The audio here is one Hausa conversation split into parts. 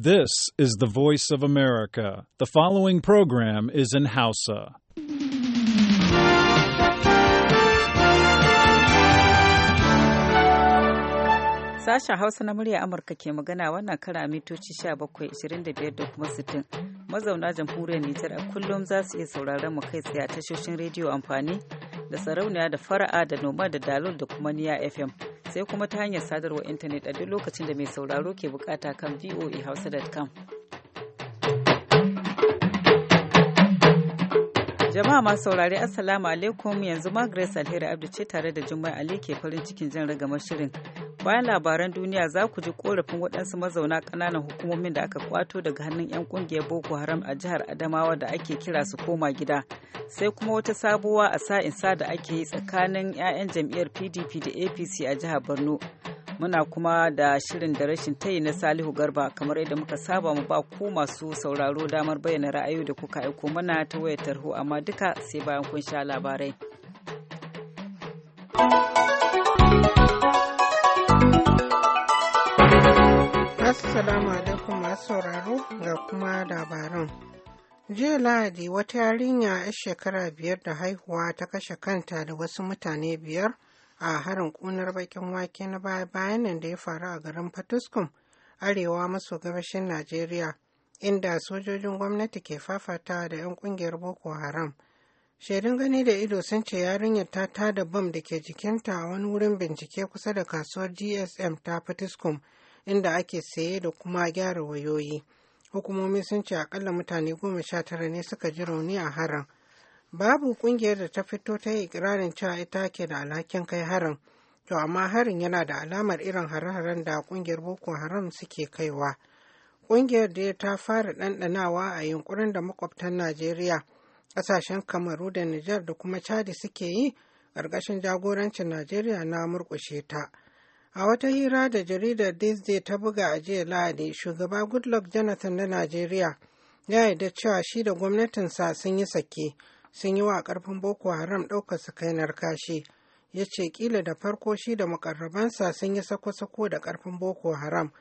This is the voice of America. The following program is in Hausa. Sashen Hausa na murya Amurka ke magana wannan kara mitoci 17, da kuma 60. Mazauna jamhuriyar Nijar a kullum za su iya sauraron mu kai tsaye a tashoshin rediyo amfani da sarauniya da fara'a da noma da dalol da kuma niya FM. sai kuma ta hanyar sadarwar intanet a duk lokacin da mai sauraro ke bukata kan voahausa.com. Jama'a masu saurari Assalamu alaikum yanzu ma Alheri Abdu ce tare da Jummai Ali ke farin cikin jan ragamar shirin. bayan labaran duniya za ku ji korafin waɗansu mazauna ƙananan hukumomin da aka kwato daga hannun 'yan ƙungiyar boko haram a jihar adamawa da ake kira su koma gida sai kuma wata sabuwa a sa'insa da ake yi tsakanin 'ya'yan jam'iyyar pdp da apc a jihar borno muna kuma da shirin da rashin tayi na salihu garba kamar yadda muka saba mu ba ku masu sauraro damar bayyana ra'ayoyi da kuka aiko mana ta wayar tarho amma duka sai bayan kun sha labarai Assalamu alaikum masu sauraro ga kuma labaran. Jiya Lahadi wata yarinya ya shekara biyar da haihuwa ta kashe kanta da wasu mutane biyar a harin kunar bakin wake na baya bayan nan da ya faru a garin Fatuskum, arewa maso gabashin Najeriya, inda sojojin gwamnati ke fafata da 'yan kungiyar Boko Haram. Shaidun gani da ido sun ce yarinyar ta tada bam da ke jikinta a wani wurin bincike kusa da kasuwar GSM ta Fatuskum. inda ake saye da kuma gyara wayoyi hukumomi sun ce akalla mutane goma sha tara ne suka ji rauni a harin babu kungiyar da ta fito ta yi ikirarin cewa ita ke da alhakin kai harin to amma harin yana da alamar irin hare-haren da kungiyar boko haram suke kaiwa kungiyar da ta fara ɗanɗanawa a yunkurin da makwabtan najeriya ƙasashen kamaru da nijar da kuma chadi suke yi ƙarƙashin jagorancin najeriya na murƙushe ta. A wata hira da jaridar Disney ta buga a jiya Lahadi, shugaba Goodluck Jonathan na Najeriya ya yarda cewa shi da gwamnatinsa sun yi sake, sun yi wa karfin Boko Haram ɗaukar su kai narkashi. Ya ce kila da farko shi da makarrabansa sun yi sako-sako da karfin Boko Haram,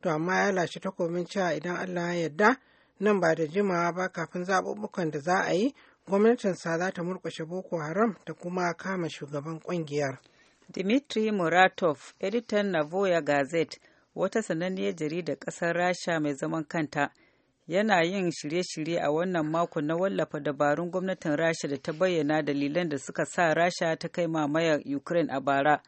to amma ya lashe takobin cewa idan Allah ya yarda nan ba da jimawa ba kafin zaɓuɓɓukan da za a yi, gwamnatinsa za ta murƙushe Boko Haram da kuma kama shugaban ƙungiyar. Dimitri Muratov, editan Navoya Gazette, wata sananniyar jaridar ƙasar Rasha mai zaman kanta, yana yin shirye-shirye a wannan mako na wallafa dabarun gwamnatin Rasha da ta bayyana dalilan da suka sa Rasha ta kai mamaya Ukraine a bara.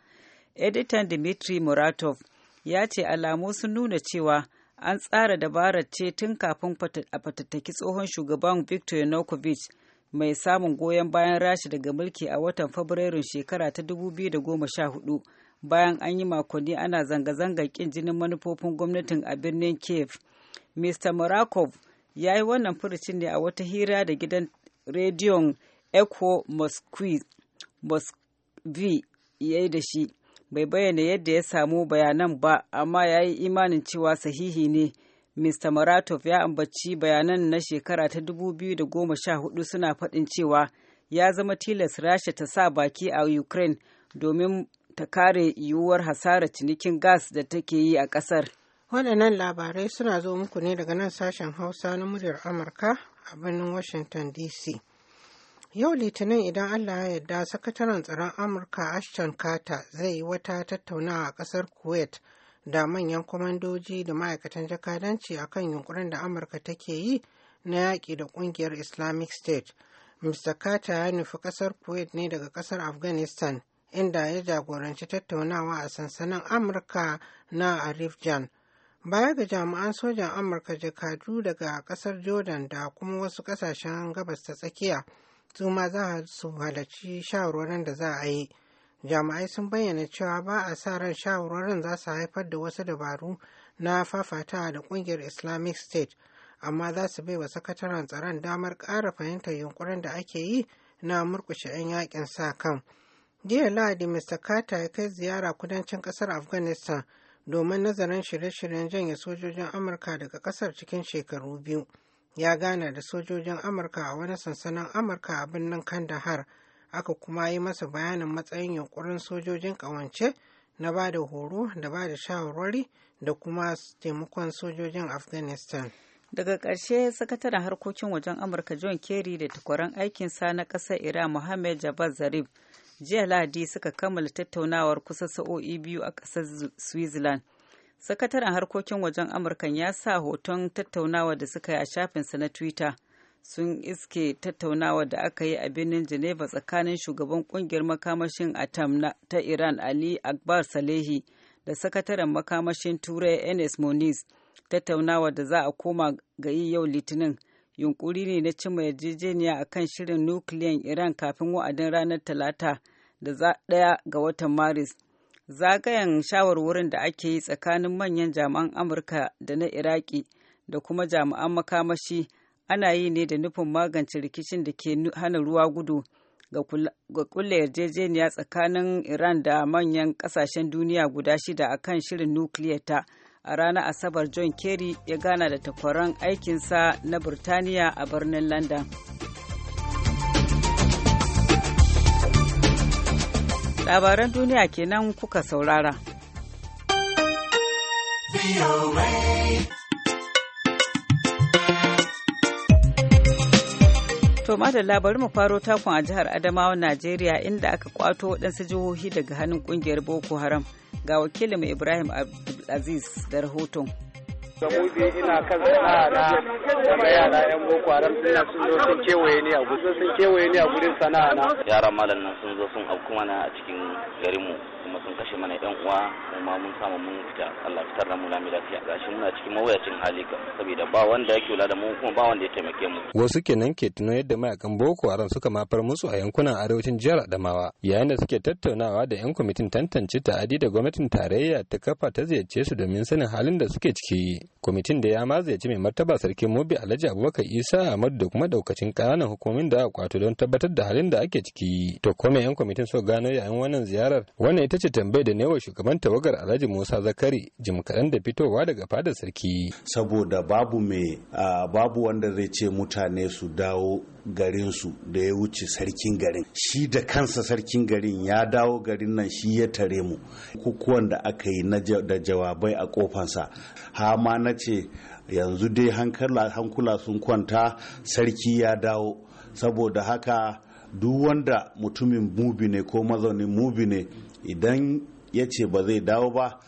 Editan Dimitri Muratov ya ce alamu sun nuna cewa an tsara dabarar ce tun kafin a fatattaki tsohon shugaban Victor Yanukovych mai samun goyon bayan rashi daga mulki a watan fabrairun shekara ta 2014 bayan an yi makonni ana zanga-zangar kin jinin manufofin gwamnatin a birnin kiev mr murakov ya yi wannan furucin ne a wata hira da gidan rediyon echo moskvi ya yi da shi bai bayyana yadda ya samu bayanan ba amma ya yi imanin cewa sahihi ne Mr. Maratov ya ambaci bayanan na shekara ta 2014 suna faɗin cewa ya zama tilas Rasha ta sa baki a Ukraine domin ta kare yiwuwar hasarar cinikin gas da take yi a ƙasar. Waɗannan labarai suna zo muku ne daga nan sashen Hausa na muryar Amurka a birnin Washington DC. Yau Litinin idan Allah ya yarda sakataren tsaron Amurka Ashton Carter zai yi wata tattaunawa a ƙasar Kuwait da manyan kwamandoji da ma'aikatan jakadanci a kan yunkurin da amurka take yi na yaƙi da ƙungiyar islamic state mr carter ya nufi ƙasar kuwait ne daga ƙasar afghanistan inda ya jagoranci tattaunawa a sansanin amurka na arifjan baya ga jami'an sojan amurka jakadu daga ƙasar jordan da kuma wasu ƙasashen gabas ta tsakiya su ma za su halarci shawarwarin da za a yi jami'ai sun bayyana cewa ba a sa ran shawarwarin za su haifar da wasu dabaru na fafata da kungiyar islamic state amma za su wa sakataren tsaron damar ƙara fahimtar yunkurin da ake yi na murkushe 'yan yakin sa kan jiya lahadi mr carter ya kai ziyara kudancin kasar afghanistan domin nazarin shirye-shiryen janye sojojin amurka daga kasar cikin shekaru biyu ya gana da sojojin amurka a wani sansanin amurka a birnin kandahar aka kuma yi masa bayanin matsayin yunkurin sojojin ƙawance na ba da horo da ba da shawarwari da kuma taimakon sojojin afghanistan daga ƙarshe sakataren harkokin wajen amurka john kerry da takwaran aikinsa na ƙasar iran mohammed javad zarif jiya lahadi suka kammala tattaunawar kusa sa'o'i biyu a ƙasar switzerland sakataren harkokin wajen amurka ya sa hoton tattaunawa da suka yi a shafinsa na twitter sun iske tattaunawa da aka yi a birnin Geneva tsakanin shugaban kungiyar makamashin atam ta Iran Ali Akbar Salehi da sakataren makamashin Turai Enes Moniz tattaunawa da za a koma ga yi yau Litinin. yunkuri ne na cimma yarjejeniya a kan shirin nukiliyan iran kafin wa'adin ranar talata da daya ga watan maris zagayen shawarwarin da ake yi tsakanin manyan jami'an amurka da na iraki da kuma jami'an makamashi ana yi ne da nufin magance rikicin da ke hana ruwa gudu ga kulle yarjejeniya tsakanin iran da manyan kasashen duniya guda shida akan shirin nukiliyarta a ranar asabar john kerry ya gana da takwaran aikinsa na birtaniya a birnin london labaran duniya kenan kuka saurara. To madalla bari mu faro takun a jihar Adamawa Najeriya inda aka kwato waɗansu jihohi daga hannun ƙungiyar Boko Haram. Ga wakilinmu Ibrahim Aziz da rahoton. Samudi ina kan sana'a wanda yara yan boko haram suna sun zo sun kewaye ni a gudun sun kewaye ni a gurin sana'a na. Yaran malam nan sun zo sun auku mana a cikin garinmu. kuma sun kashe mana yan uwa kuma mun samu mun fita Allah fitar da mu lafiya gashi muna cikin mawuyacin hali saboda ba wanda yake kula da mu kuma ba wanda ya taimake mu wasu kenan ke tuno yadda mayakan Boko Haram suka mafar musu a yankunan arewacin jihar Adamawa yayin da suke tattaunawa da yan kwamitin tantance ta'adi da gwamnatin tarayya ta kafa ta ziyarce su domin sanin halin da suke ciki kwamitin da ya ma ziyarci mai martaba Sarki Mobi Alhaji Abubakar Isa Ahmad da kuma daukacin kananan hukumomin da aka kwato don tabbatar da halin da ake ciki to kome yan kwamitin so gano yayin wannan ziyarar wannan ita ce tambayar da newa shugaban tawagar alhaji musa zakari jim kaɗan da fitowa daga fadar sarki saboda babu mai babu wanda zai ce mutane su dawo garinsu da ya wuce sarkin garin shi da kansa sarkin garin ya dawo garin nan shi ya tare mu kukuwan da aka yi da jawabai a kofansa hama na ce yanzu dai hankula sun kwanta sarki ya dawo saboda haka duk wanda mutumin mubi ne ko mazaunin mubi ne idan ya ce ba zai dawo ba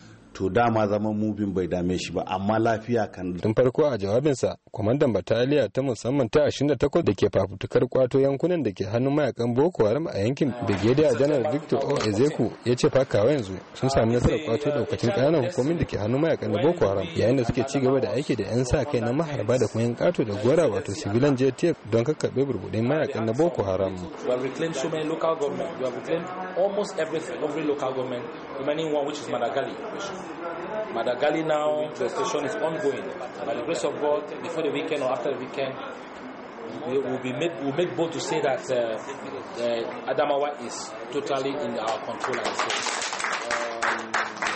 to dama zaman mubin bai dame shi ba amma lafiya kan tun farko a jawabinsa kwamandan bataliya ta musamman ta 28 da ke fafutukar kwato yankunan da ke hannun mayakan boko haram a yankin brigadier janar victor o ezeku ya ce fakawa yanzu sun sami nasarar kwato daukacin kananan hukumin da ke hannun mayakan boko haram yayin da suke ci gaba da aiki da yan sa kai na maharba da kuma yan kato da gora wato sibilan jtf don kakkaɓe burbudin mayakan na boko haram almost every, every local government, remaining one which is Madagali. Madagali now, the station is ongoing. By the grace of God, before the weekend or after the weekend, we will be made, we'll make bold to say that uh, uh, Adamawa is totally in our control and Um,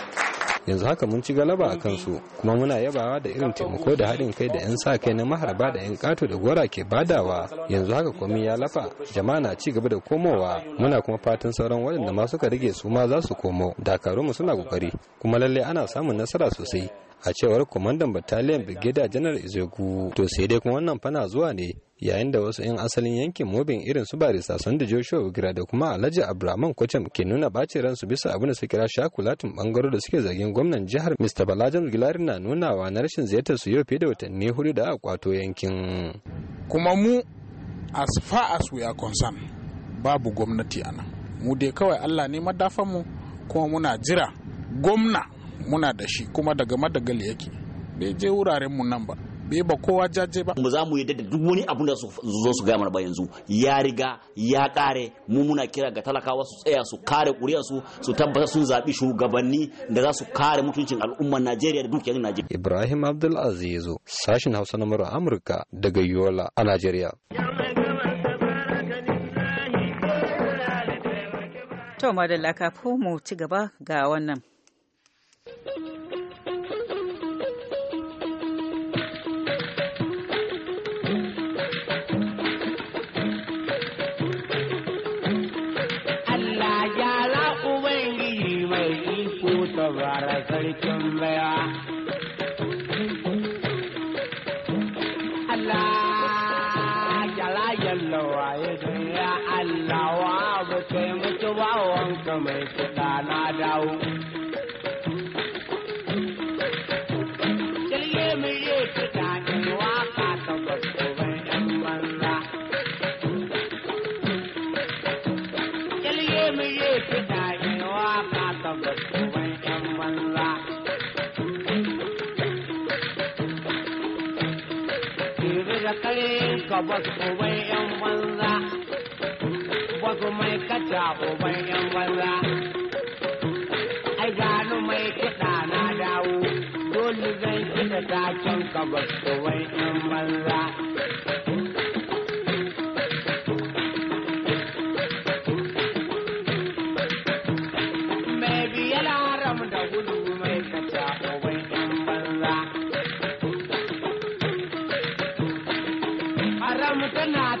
yanzu haka mun ci galaba a kansu kuma muna yabawa da irin taimako da haɗin kai da 'yan sa kai na maharba da 'yan ƙato da gora ke badawa yanzu haka komai ya lafa jama'a na ci gaba da komowa muna kuma fatan sauran waɗanda ma suka rage su ma za su komo dakarunmu suna ƙoƙari kuma lallai ana samun nasara sosai a cewar kwamandan battalion brigadier janar izegu to sai dai kuma wannan fana zuwa ne yayin da wasu 'yan asalin yankin mobin irin su barista da joshua bugira da kuma alhaji abraman kwacham ke nuna bacin ransu bisa abin da su kira shakulatin bangaro da suke zargin gwamnan jihar mr balajan gilari na nunawa na rashin ziyartar su yau fiye da watanni hudu da aka kwato yankin kuma mu as far as we are concerned babu gwamnati anan mu dai kawai allah ne madafan mu kuma muna jira gwamna muna da shi kuma daga madagali yake bai je wuraren mu nan ba bai ba kowa jaje ba ba za mu yadda da duk wani abun da su zo su gaya mana ba yanzu ya riga ya kare mu muna kira ga talakawa su tsaya su kare kuri'a su su tabbatar sun zabi shugabanni da za su kare mutuncin al'ummar Najeriya da dukiyar Najeriya Ibrahim Abdul Aziz sashin Hausa na murar Amurka daga Yola a Najeriya To madalla kafin mu ci gaba ga wannan tumbea ka ba su uban yan banza ba mai kata uban yan banza ai gano mai kiɗa na dawo dole zan kiɗa taken ka ba su uban yan banza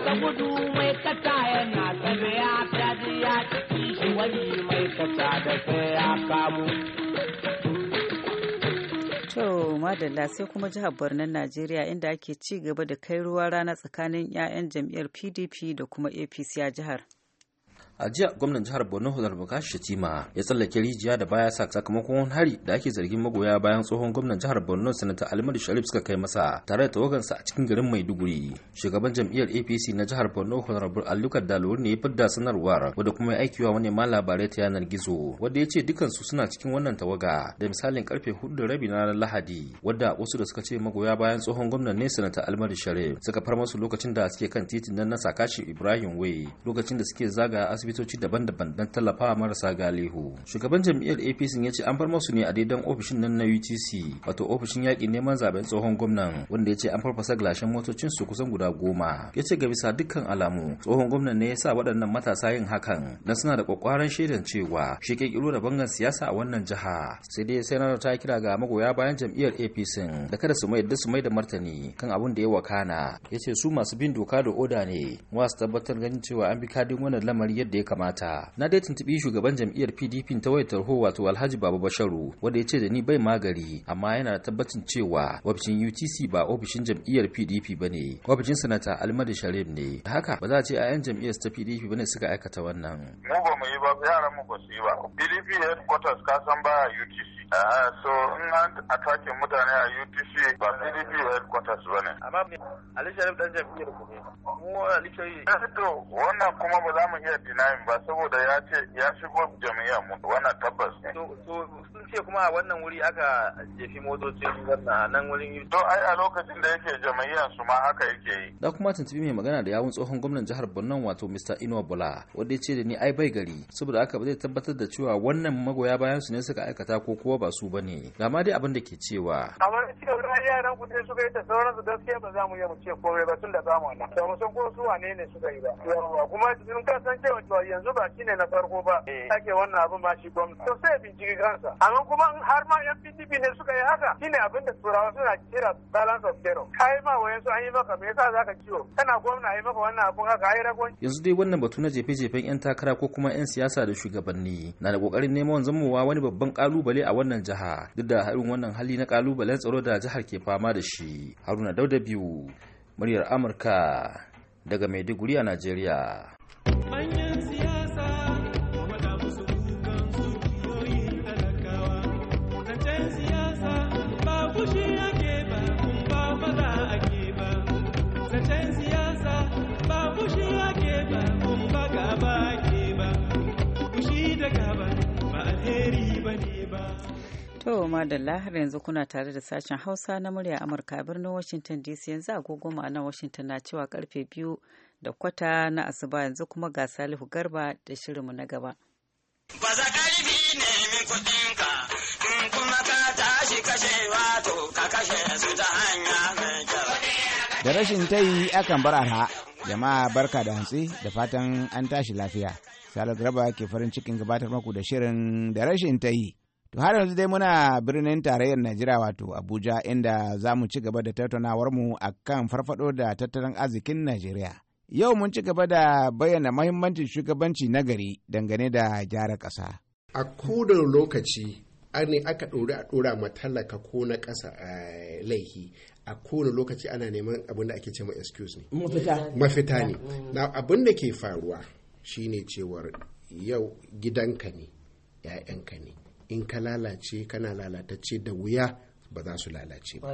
ka gudu mai kata yana sane ya taji ya ciki shi wani mai kata da sai ya kamu. To madalla sai kuma jihar Barnan Najeriya inda ake ci gaba da kai ruwa rana tsakanin 'ya'yan jam'iyyar PDP da kuma APC a jihar. a jiya gwamnan jihar borno hodar bukashi shatima ya tsallake rijiya da baya sa sakamakon hari da ake zargin magoya bayan tsohon gwamnan jihar borno sanata alimadu sharif suka kai masa tare da tawagansa a cikin garin maiduguri shugaban jam'iyyar apc na jihar borno honorable alukar dalur ne ya fidda sanarwar wadda kuma ya aikiwa ma labarai ta yanar gizo wadda ya ce dukansu suna cikin wannan tawaga da misalin karfe hudu da rabi na lahadi wadda wasu da suka ce magoya bayan tsohon gwamnan ne sanata alimadu sharif suka far masu lokacin da suke kan titin nan na sakashi ibrahim wai lokacin da suke zaga asibitoci daban-daban don tallafawa marasa galihu shugaban jam'iyyar apc ya ce an bar masu ne a daidan ofishin nan na utc wato ofishin yaƙi neman zaben tsohon gwamnan wanda ya ce an farfasa gilashen motocin su kusan guda goma ya ce ga bisa dukkan alamu tsohon gwamnan ne ya sa waɗannan matasa yin hakan don suna da ƙwaƙwaran shaidan cewa shi ƙirƙiro da bangan siyasa a wannan jiha sai dai sai ta kira ga magoya bayan jam'iyyar apc da kada su mai da su mai da martani kan abin da ya wakana ya ce su masu bin doka da oda ne wasu tabbatar ganin cewa an bi kadin wannan lamari yadda yadda ya kamata na dai tuntubi shugaban jam'iyyar PDP ta wayar tarho wato Alhaji Baba Basharu wanda ya ce da ni bai magari amma yana da tabbacin cewa ofishin UTC ba ofishin jam'iyyar PDP bane ofishin sanata Almadi Sharif ne haka ba za a ce a yan jam'iyyar ta PDP bane suka aikata wannan mu ba mu yi ba yaran mu ba su yi ba PDP headquarters ka san ba UTC ah, so in an atake mutane a UTC ba PDP headquarters bane amma Ali Sharif dan jam'iyyar ku ne mu Ali Sharif eh, to wannan kuma ba za mu iya dina nine ba saboda ya ce ya shigo jami'a mu wannan tabbas ne. sun ce kuma a wannan wuri aka jefi motocin wannan nan wurin To ai a lokacin da yake jami'a su ma haka yake yi. Da kuma tuntubi mai magana da yawun tsohon gwamnan jihar Borno wato Mr. Inuwa Bola wanda ya ce da ni ai bai gari saboda haka ba zai tabbatar da cewa wannan magoya bayan su ne suka aikata ko kuwa ba su bane. Ga ma dai abin da ke cewa. Amma cewa yaran ku ne suka yi da sauransu gaskiya ba za mu iya mu ce komai ba tun da zamu wannan. Da mu san ko su wane ne suka yi ba. Kuma ka san cewa to yanzu ba shine na farko ba eh. ake wannan abin ba shi gwamnati to sai binciki kansa amma kuma har ma yan PDP ne suka yi haka shine abin da turawa suna kira balance of terror kai ma wayan su an yi maka me yasa zaka ciwo kana gwamna ai maka wannan abin haka ai ragon yanzu dai wannan batu na jefe-jefen yan takara ko kuma yan siyasa da shugabanni na da kokarin neman zamowa wani babban kalubale a wannan jiha duk da harin wannan hali na kalubalen tsaro da jihar ke fama da shi haruna dauda biyu muryar amurka daga maiduguri a najeriya To da har yanzu kuna tare da sashen Hausa na murya Amurka birnin Washington DC yanzu agogo ma'anar Washington na cewa karfe biyu da kwata na asuba yanzu kuma ga Salihu Garba da shirinmu na gaba. Baza karfi nemi kuɗinka, in kuma ka tashi kashe wato ka kashe su ta hanya mai kyau. Da rashin tayi akan bar arha, jama'a barka da hantsi da fatan an tashi lafiya. Salihu Garba ke farin cikin gabatar maku da shirin da rashin tayi. To har yanzu dai muna birnin tarayyar Najeriya wato Abuja inda za mu ci gaba da tattaunawar mu akan farfado da tattalin arzikin Najeriya. Yau mun ci gaba da bayyana mahimmancin shugabanci na gari dangane da gyara ƙasa. A kodan lokaci an ne aka ɗori a ɗora matallaka ko na ƙasa a eh, laihi a kowane lokaci ana neman abin ake ce ma excuse ne. Mafita. ne. Mm. Na abin da ke faruwa shine cewar yau gidanka ne, 'ya'yanka ne. in ka lalace kana lalatacce da wuya ba za su lalace ba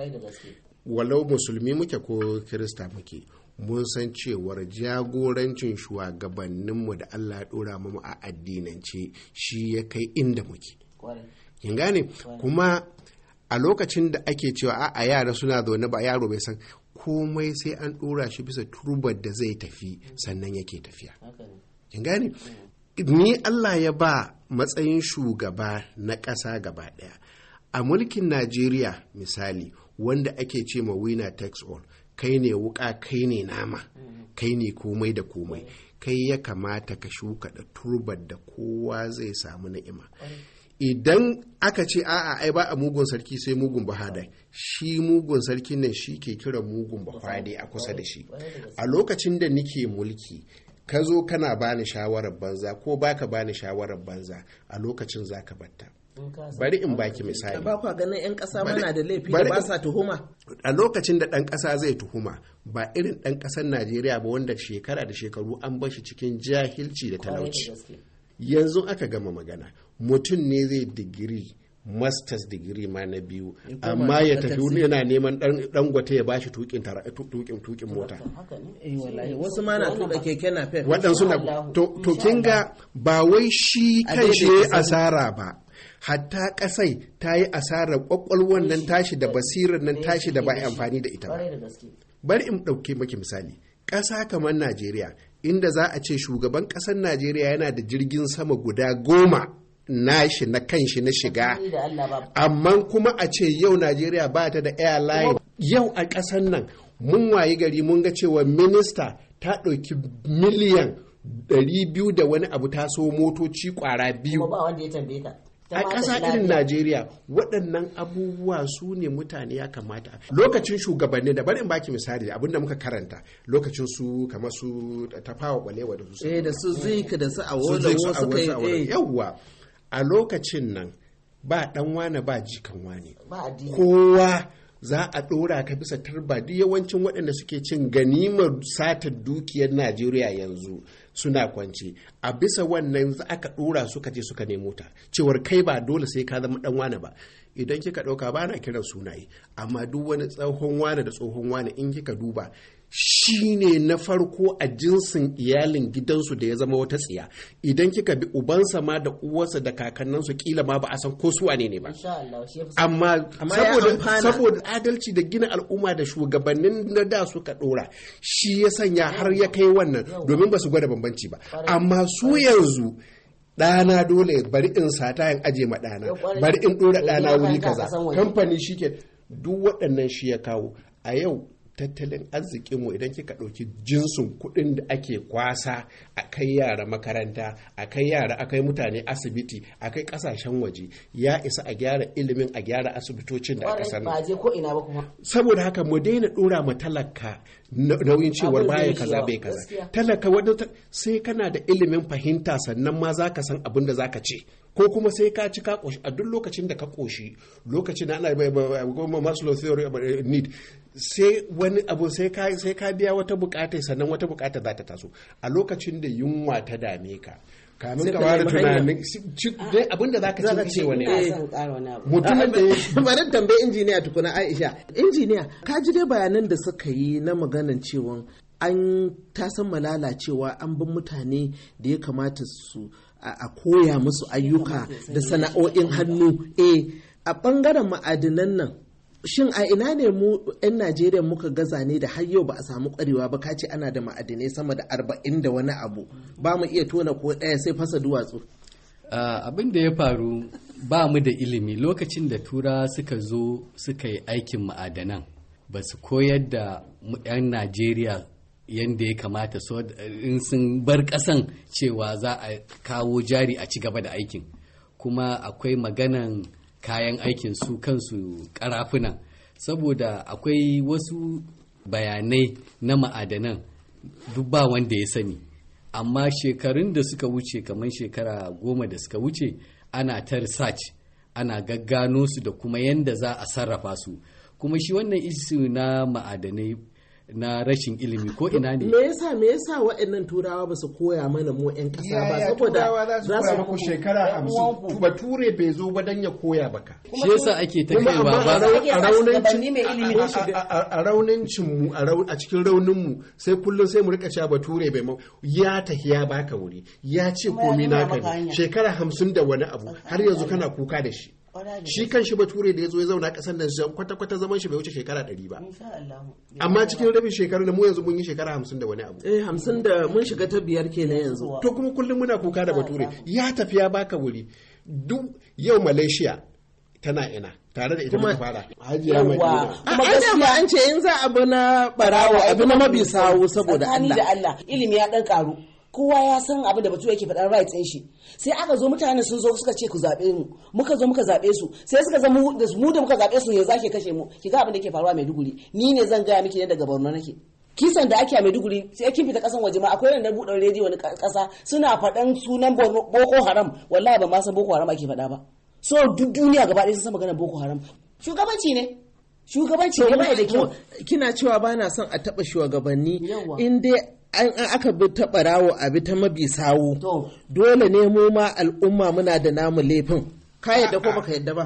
walau musulmi muke ko kirista muke mun san cewar jagorancin shugabanninmu da allah ɗora dora mu a addinance shi ya kai inda muke kin gane kuma a lokacin da ake cewa a yara suna zaune ba yaro bai san komai sai an ɗora shi bisa turbar da zai tafi sannan yake tafiya kin gane mm. ni Allah ya ba matsayin shugaba na ƙasa gaba ɗaya a mulkin Najeriya misali wanda ake ce ma winner takes all kai ne wuƙa, kai ne nama kai ne komai da komai kai ya kamata ka shuka da turbar da kowa zai samu na'ima. idan aka ce a'a ai ba a mugun sarki sai mugun bahada shi mugun sarki nan shi ke kira mugun bahadai a kusa da shi a lokacin da nike mulki ka zo kana bani shawarar banza ko baka bani shawarar banza a lokacin zaka batta bari in baki misali ba kwa ganin yan kasa mana da laifi da ba sa tuhuma a lokacin da dan kasa zai tuhuma ba irin dan kasar Najeriya ba wanda shekara da shekaru an bar shi cikin jahilci da talauci yanzu aka gama magana mutum ne zai digiri masters degree ma na biyu amma ya tafi yana neman dan gwate ya bashi tukin tukin mota eh, wasu ma na tuka keke na fef wadansu na to kin ga ba wai shi kan shi asara ba hatta kasai ta yi asarar kwakwalwan nan tashi da basirar nan tashi da ba amfani da ita ba bari in ɗauke maki misali ƙasa kamar najeriya inda za a ce shugaban ƙasar najeriya yana da jirgin sama guda goma nashi na kanshi na shiga amma kuma a ce yau najeriya ba ta da airline yau a ƙasan nan mun wayi gari mun ga cewa minista ta ɗauki miliyan ɗari biyu da wani abu ta so motoci kwara biyu a ƙasa irin najeriya waɗannan abubuwa su ne mutane ya kamata lokacin shugabanni da barin baki misali abinda muka karanta lokacin su kamar su tafawa balewa da su eh, da su zika da su a wasu eh. yawwa a lokacin nan ba dan wane ba jikan wane kowa za a ɗora ka bisa tarba duk yawancin waɗanda suke cin ganimar satar dukiyar najeriya yanzu suna kwance a bisa wannan za aka ɗora suka je suka nemo ta cewar kai ba dole sai ka zama ɗan wane ba idan kika ɗauka ba na kiran sunaye amma duk wani tsohon wane da tsohon wane in kika duba shi ne na farko a jinsin iyalin gidansu da ya zama wata tsiya idan kika bi ubansa ma da uwarsa da kakannansu kila ma ba a san ko su wane ne ba amma saboda adalci da gina al'umma da shugabannin na da suka dora shi ya sanya har ya kai wannan domin ba su gwada bambanci ba amma su yanzu ɗana dole bari in sata in aje ma ɗana bari in ɗora eh, ɗana wuri kaza kamfani shi ke duk waɗannan shi ya kawo a yau tattalin arzikinmu idan kika ɗauki jinsin kuɗin da ake kwasa a kai yara makaranta a kai yara a kai mutane asibiti a kai ƙasashen waje ya isa a gyara ilimin a gyara asibitocin da aka sani saboda haka mu daina ɗora ma talaka nauyin cewar baya kaza bai kaza talaka wadda sai kana da ilimin fahimta sannan ma zaka san abin da zaka ce ko kuma sai ka ci ka koshi a duk lokacin da ka koshi lokacin da ana mai Maslow theory of eh, need sai wani abu sai ka biya wata bukata sannan wata bukata za ta taso a lokacin da yunwa ta dame ka kamin ka ware tunanin dai da za ka ci ce wani eh. mutumin da ya bari tambayi injiniya tukuna Aisha injiniya ka ji dai bayanan da suka yi na maganan cewa an ta tasan malalacewa an bin mutane da ya kamata su a koya musu ayyuka da sana'o'in hannu eh a ɓangaren ma'adinan nan shin a ina ne mu 'yan najeriya muka gaza ne da har yau ba a samu kwarewa ba kace ana da ma'adinai sama da arba'in da wani abu ba mu iya tona ko ɗaya sai fasa duwatsu abin da ya faru ba mu da ilimi lokacin da tura suka zo suka yi aikin ma'adanan ba su koyar da 'yan najeriya yadda ya kamata so in sun bar ƙasan cewa za a kawo jari a ci gaba da aikin kuma akwai maganan kayan aikin su kansu karafuna saboda akwai wasu bayanai na ma'adanan duk ba wanda ya sani amma shekarun da suka wuce kamar shekara goma da suka wuce ana ta research ana gaggano su da kuma yadda za a sarrafa su kuma shi wannan isu na ma'adanai na rashin ilimi ko ina ne me yasa me yasa waɗannan turawa ba su koya mana mu ƴan ƙasa ba saboda za su koya shekara 50 ba ture bai zo ba dan ya koya baka shi yasa ake ta kai ba a raunancin a raunancin mu a cikin raunin mu sai kullum sai mu rika cewa ba ture bai ya tahiya baka wuri ya ce komai naka ne shekara 50 da wani abu har yanzu kana kuka da shi shi kan shi bature da ya zo ya zauna kasan nan zan kwata-kwata zaman shi bai wuce shekara ɗari ba amma cikin rabin shekaru da mu yanzu mun yi shekara hamsin da wani abu eh hamsin da mun shiga ta biyar na yanzu to kuma kullum muna kuka da bature ya tafi ya baka wuri duk yau malaysia tana ina tare da ita muka fara hajiya madina kuma gaskiya an ce in za a bana barawa abu na mabisa saboda Allah ilimi ya dan karu kowa ya san abin da batu yake faɗar rights ɗin shi sai aka zo mutane sun zo suka ce ku zaɓe mu muka zo muka zaɓe su sai suka zama mu da muka zaɓe su yanzu ake kashe mu ki ga abin da ke faruwa mai duguri ni ne zan gaya miki ne daga Borno nake kisan da ake a Maiduguri sai kin fita kasan waje ma akwai wanda buɗe rediyo na ƙasa suna faɗan sunan Boko Haram wallahi ba ma san Boko Haram ake faɗa ba so duk duniya gaba ɗaya sun san magana Boko Haram shugabanci ne shugabanci ne ba da kyau kina cewa ba na son a taɓa shugabanni in dai an aka bi ta barawo a bi ta mabi sawu dole ne mu ma al'umma muna da namu laifin ka yadda ko ah, ah. baka yadda ba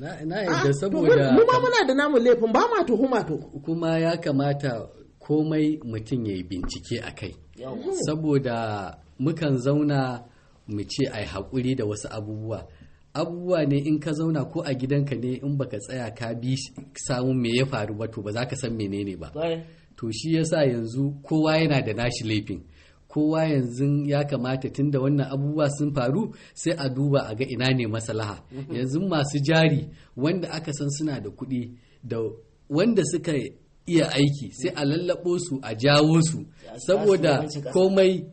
na ah, yadda saboda mu ma muna da namu laifin ba ma tuhuma to kuma ya kamata komai mutum ya yi bincike a kai saboda mukan zauna mu ce a haƙuri da wasu abubuwa abubuwa ne in ka zauna ko a gidanka ne in baka tsaya ka bi samun me ya faru ba to ba za ka san menene ba to shi yasa yanzu kowa yana da nashi laifin kowa yanzu ya kamata tun da wannan abubuwa sun faru sai a duba a ga ina ne maslaha mm-hmm. yanzu masu jari wanda aka san suna da kuɗi da wanda suka iya aiki sai a lallabo su a jawo su saboda komai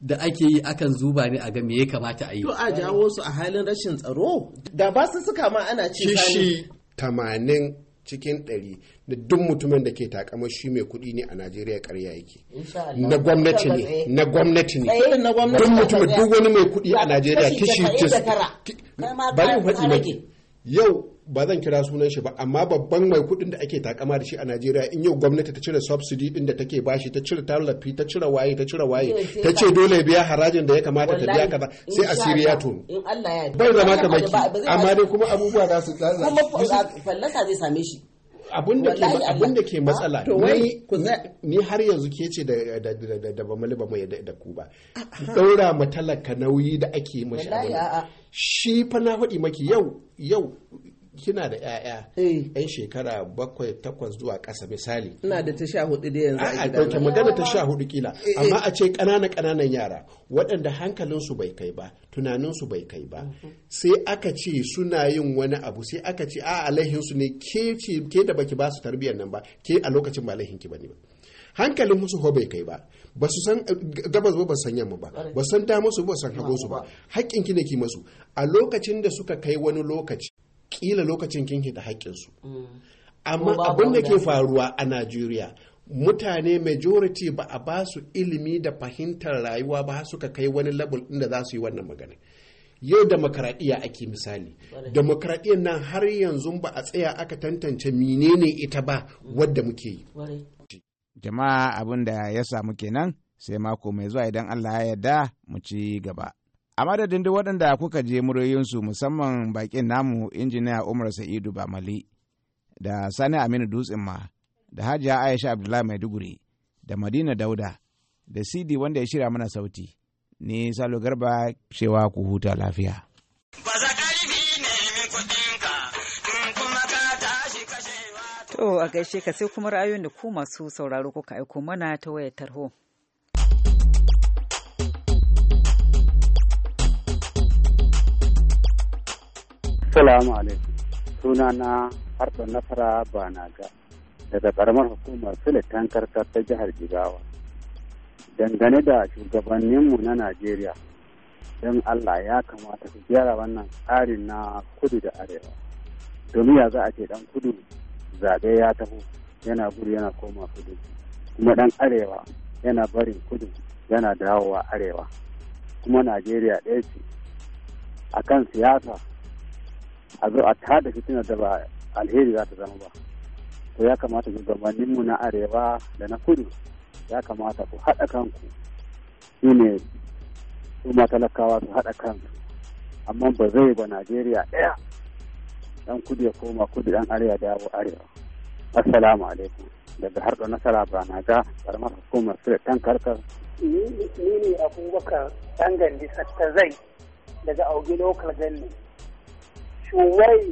da ake yi akan zuba ne a ga me ya kamata a yi. To a jawo su a halin rashin tsaro? Da ba su suka ma ana ce shi tamanin cikin ɗari da duk mutumin da ke takamar shi mai kuɗi ne a najeriya karya yake na gwamnati ne na gwamnati ne duk mutumin duk wani mai kuɗi a najeriya kishi bari faɗi maki yau ba zan kira sunan shi ba amma babban mai kuɗin da ake takama da shi a Najeriya in yau gwamnati ta cire subsidy din da take bashi ta cire tallafi ta cire waye ta cire waye ta ce dole biya harajin da ya kamata ta biya kaza sai asiri ya tono bai zama ta baki amma dai kuma abubuwa za su fallasa zai same shi abun da ke abin da ke matsala ni har yanzu ke ce da da da da ba mu da ku ba daura matalaka nauyi da ake mashi abin shi fa na faɗi maki yau yau kina da ƴaƴa yan eh. shekara bakwai takwas zuwa ƙasa misali ina da ta sha hudu da yanzu a ɗauke magana ta sha hudu kila eh, eh. amma a ce ƙanana ƙananan yara waɗanda hankalinsu bai kai ba tunaninsu bai kai ba mhm. sai aka ce suna yin wani abu sai aka ce a alaihinsu ne ke da baki ba su tarbiyyar nan ba ke a lokacin ba alaihinki ki bane ba hankalin musu ho bai kai ba ba su san gabas ba ba san yamma ba ba san ta su ba san hagu su ba haƙƙin ki ne ki masu a lokacin da suka kai wani lokaci kila lokacin kin da haƙƙin su mm. amma abin da ke faruwa a Najeriya mutane majority ba a ba su ilimi da fahimtar rayuwa ba suka kai wani level din da za su yi wannan magana yau demokaradiyya ake misali demokaradiyyar nan har yanzu ba a tsaya aka tantance menene ita ba mm. wadda muke yi Jama'a abin da ya samu kenan sai mako mai zuwa idan Allah ya yarda mu ci gaba. A madadin duk waɗanda kuka je muryoyinsu musamman bakin namu injiniya Umar Sa'idu Bamali da Sani Aminu Dutsen ma da Hajiya Aisha Abdullahi Maiduguri da Madina Dauda da Sidi wanda ya shirya mana sauti. Ni Salo Garba cewa ku huta lafiya. To a gaishe ka sai kuma ra'ayoyin da ku masu sauraro kuka aiko mana ta wayar tarho. al-salamu alaikum. Suna na harba nasara banaga daga ƙaramar hukumar filitan karkar ta jihar Jigawa. Dangane da shugabanninmu na Najeriya, don Allah ya kamata su gyara wannan tsarin na kudu da arewa. Domin ya za a ce ɗan kudu zaɓe ya taho yana gudu yana koma kudu kuma ɗan arewa yana barin kudu yana dawowa arewa kuma najeriya ɗaya ce a kan siyasa a zo a tada fitina da ba alheri za ta zama ba to ya kamata mu na arewa da na kudu ya kamata ku haɗa kanku shi ne su talakawa su haɗa kansu amma ba zai ba najeriya ɗaya dan kudu ya koma kudu dan arewa da yawo arewa assalamu alaikum daga har da nasara ba na ga karamar hukumar fira tan karkar ni ne abubakar dan gandi zai daga auge local ganni shuwai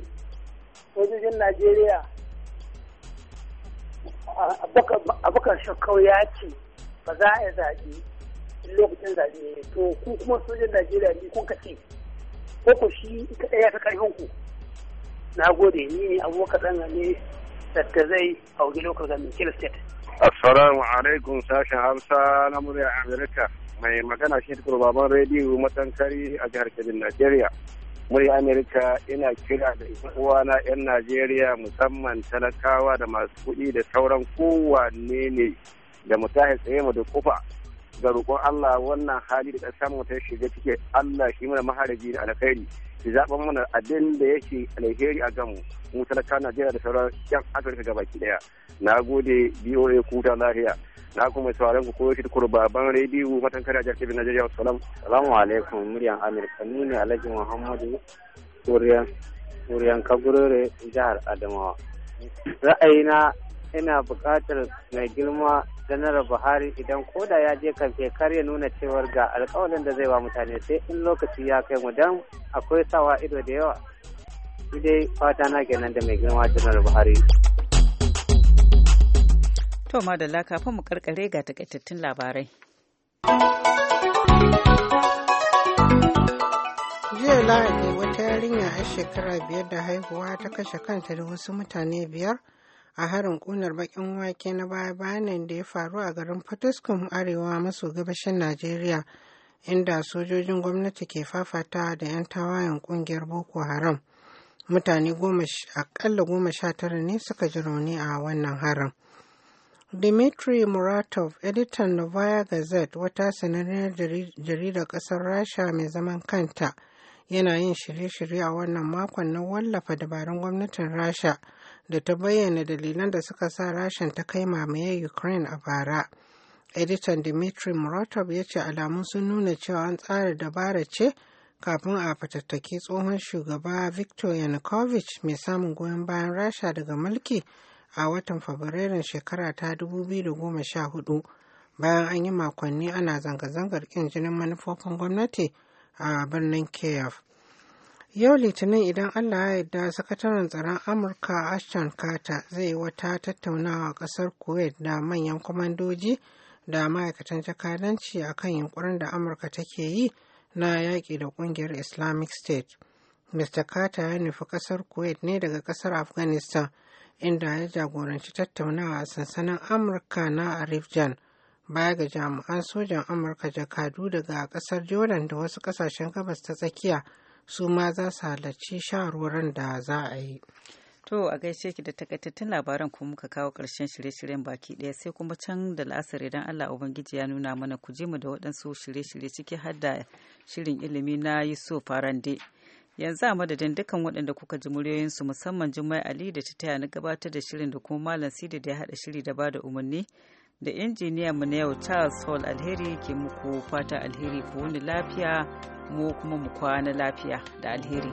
sojojin najeriya abubakar shakau ya ce ba za a zaɓe lokacin zaɓe to ku kuma sojojin najeriya ne kun ka ko ku shi kaɗai ɗaya ta ƙarfin ku na gode ni ne ɗan dan da ta a wani lokacin gamin kill state assalamu alaikum sashen hausa na murya amerika mai magana shi tukur baban rediyo matankari a jihar kebbi najeriya murya amerika ina kira da uwana 'yan najeriya musamman talakawa da masu kuɗi da sauran kowanne ne da mutahin tsaye mu da kufa ga roƙon allah wannan hali da ƙasar mu ta shiga cike allah shi mana maharaji da alkhairi su zaɓen mana abin da yake alheri a gamu mu talaka najeriya da sauran yan afirka ki daya na gode boa kuta lahiya na kuma sauran ku yake shi kurbaban rediyo matan kada jihar najeriya salam salamu alaikum muryan amurka ni ne alhaji muhammadu kuriyan kuriyan kagurore jihar adamawa ra'ayina ina buƙatar mai girma janar buhari idan koda ya je kamfe kar ya nuna cewar ga alkawalin da zai ba mutane sai in lokaci ya kai mu dan akwai sawa ido da yawa dai fata na kenan da mai girma janar buhari to madalla kafin mu karkare ga takaitattun labarai jiya lahadi wata yarinya a shekara biyar da haihuwa ta kashe kanta da wasu mutane biyar a harin kunar bakin wake na baya-bayanan da ya faru a garin Potiskum, arewa maso gabashin Najeriya inda sojojin gwamnati ke fafata da 'yan tawayen kungiyar Boko Haram. Mutane akalla goma sha tara ne suka ji rauni a wannan harin. Dimitri Muratov, editan Novaya Gazette, wata sananniyar jaridar ƙasar Rasha mai zaman kanta, yana yin shirye-shirye a wannan makon na wallafa dabarun gwamnatin Rasha da ta bayyana dalilan da suka sa rashin ta kai mamaye ukraine a bara editan dimitri muratov ya ce alamun sun nuna cewa an tsara dabara ce kafin a fatattaki tsohon shugaba victor yanukovych mai samun goyon bayan rasha daga mulki a watan fabrairun shekara ta 2014 bayan an yi makonni ana zanga-zangar kin jinin manufofin gwamnati a birnin kiev Yau Litinin idan Allah ya yarda sakataren tsaron Amurka Ashton Carter zai yi wata tattaunawa ƙasar Kuwait da manyan kwamandoji da ma'aikatan jakadanci a kan yunkurin da Amurka take yi na yaƙi da ƙungiyar Islamic State. Mr. Carter ya nufi ƙasar Kuwait ne daga ƙasar Afghanistan inda ya jagoranci tattaunawa a sansanin Amurka na Arifjan baya ga jami'an sojan Amurka jakadu daga ƙasar Jordan da wasu ƙasashen gabas ta tsakiya. su ma za su halarci shawarwarin da za a yi. To a gaishe ki da takaitattun labaran kuma muka kawo ƙarshen shirye-shiryen baki ɗaya sai kuma can da la'asar idan Allah Ubangiji ya nuna mana ku je mu da waɗansu shirye-shirye ciki har da shirin ilimi na Yusuf Farande. Yanzu a madadin dukkan waɗanda kuka ji muryoyinsu musamman Jummai Ali da ta taya na gabatar da shirin da kuma Malam Sidi da ya haɗa shiri da bada umarni. da injiniyan mu na yau Charles Hall Alheri ke muku fata alheri ku wani lafiya mu kuma mu kwana lafiya da alheri.